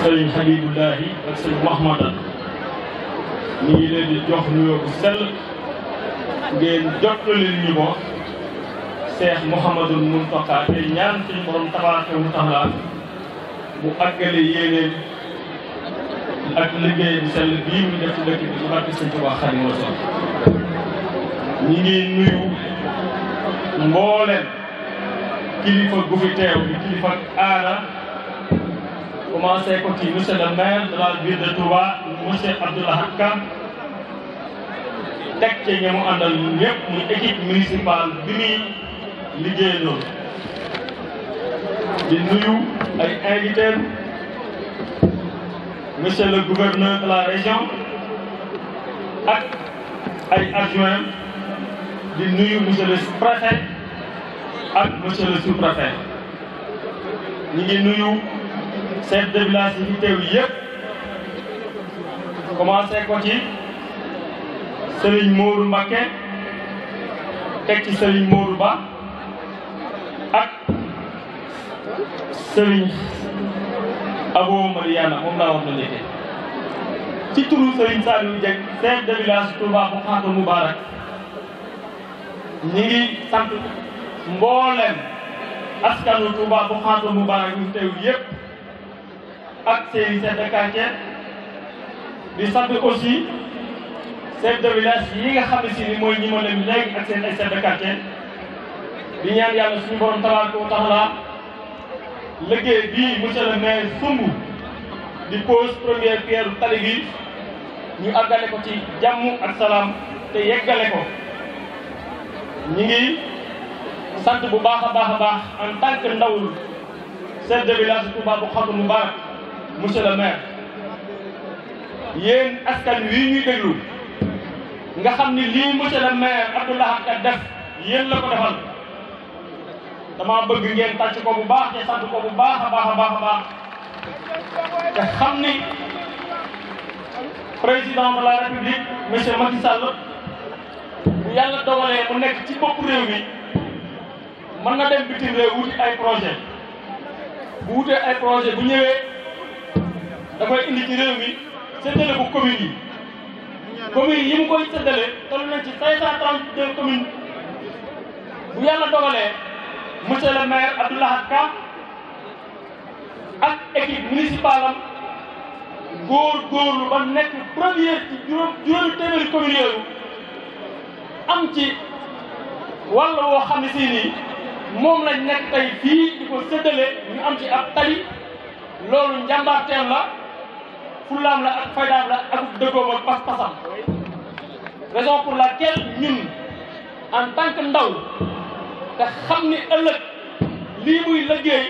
sëriñ Xamidullaahi ak sëriñ Mahmadan ñu ngi leen di jox nuyoo bu sell ngeen jottali ñu ko Cheikh Mouhamadul Mountakha te ñaan suñu borom tabaaraka wa taala bu àggale yéeneen ak liggéey bu sell bii mu def ci dëkk bi ci barke Sëriñ Tuubaa Xaadimu Rasuul ñu ngi nuyu mbooleen kilifa gu fi teew bi kilifa aada commencé ko ci monsieur maire de la ville de Touba monsieur Abdoulaye Ka teg ci ñi mu àndal muy équipe municipale bi liggéey loolu di nuyu ay invités monsieur le gouverneur de la région ak ay adjoints di nuyu monsieur le préfet ak monsieur le sous-préfet nuyu. chef de village yi fi teew ko ci Serigne Modou Mbacké teg ci Serigne Modou Ba ak Serigne Abo Mariana moom laa wax na ci turu Serigne Saliou Dieng chef de village Touba bu Xaatu Moubarak ñi ngi sant mboolem askanu Touba bu Xaatu Moubarak ñu teew yëpp ak seen chef de di sant aussi chef de village yi nga xam ne si ni mooy ñi ma leen léegi ak seen ay chef de di ñaan yàlla suñu borom tabaaraka wa taala liggéey bii monsieur le sumb di pose première pierre tali ñu àggale ko ci jàmm ak salaam te yeggale ko ñi ngi sant bu baax a baax a baax en tant que ndawul monsieur le maire yéen askan wi ñuy déglu nga xam ni lii monsieur le maire Abdou Lahad Ka def yéen la ko defal dama bëgg ngeen tàcc ko bu baax te bu baax baax a baax a baax te xam ni président de la république monsieur Macky Sall bu yàlla dogalee mu nekk ci bopp réew mi mën na dem bitim réew wuti ay projet bu wutee ay projet bu ñëwee da koy indi ci réew mi séddale ko commune yi commune yi mu koy séddale toll nañ ci 532 communes bu yàlla dogalee monsieur le maire Abdoulahat ak équipe municipale am góor-góorlu ba nekk première ci juróom juróomi téeméeri communes yooyu am ci wàll woo xam ne si nii moom lañ nekk tey fii di ko séddale ñu am ci ab tali loolu njàmbaarteem la fullaam la ak faydaam la ak dëggoom pas-pasam raison pour laquelle ñun en tant que ndaw te xam ni ëllëg lii muy liggéey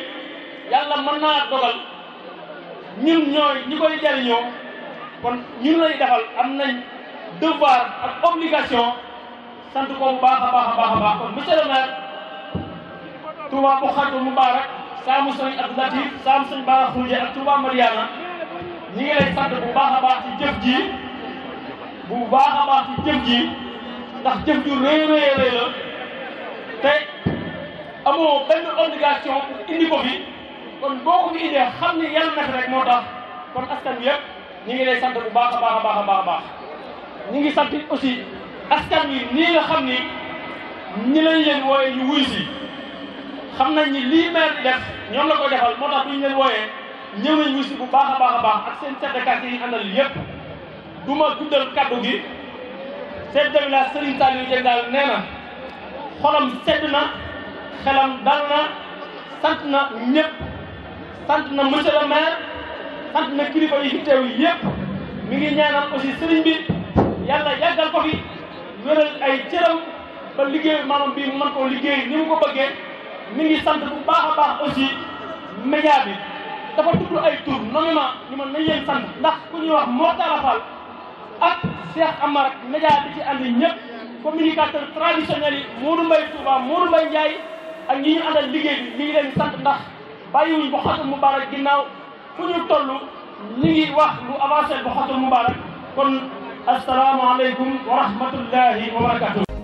yàlla mën naa dogal ñun ñooy ñi koy jariñoo kon ñun lay defal am nañ devoir ak obligation sant ko baax a kon monsieur le maire Touba bu xatu mubarak saamu sëñ Abdou Latif saamu sëñ Bara Xuuje ak Touba Mariana ñi ngi lay sant bu baax a baax jëf ji bu baax a baax jëf ji ndax jëf ju rëy rëy rëy la te amoo benn obligation pour indi ko kon boo ko fi indee xam ne yàlla na rek moo tax kon askan yëpp ñi ngi lay sant bu baax a baax a baax a a sant aussi askan wi nii xam ni ñi lañ leen wooyee ñu wuy si xam nañ ni lii maire def ñoom la ko defal moo tax duñ leen wooyee ñëw si bu baax a baax a baax ak seen caddkat yi ñu àndal yépp du ma guddal kaddu gi chef de village Serigne Saliou Dieng daal nee na xolam sedd na xelam dal na sant na ñëpp sant na monsieur le maire sant na kilifa yi fi teew yépp mi ngi ñaanal aussi Serigne bi yàlla yàggal ko fi wéral ay cëram ba liggéey maanaam bii mu mën koo liggéey ni mu ko bëggee mi ngi sant bu baax a baax aussi média bi. dafa tudd ay tur nommément ñu ma nañ leen sant ndax ku ñuy wax Mor Talla Fall ak Cheikh Amar ak média bi ci andi ñëpp communicateur traditionnel yi Modou Mbaye Touba Modou Mbaye Ndiaye ak ñi a àndal liggéey bi ñu ngi leen sant ndax bàyyiwuñ Boukhatoul Moubarak ginnaaw fu ñu toll ñu ngi wax lu avancé Boukhatoul Moubarak kon asalaamaaleykum wa rahmatullahi wa barakatuh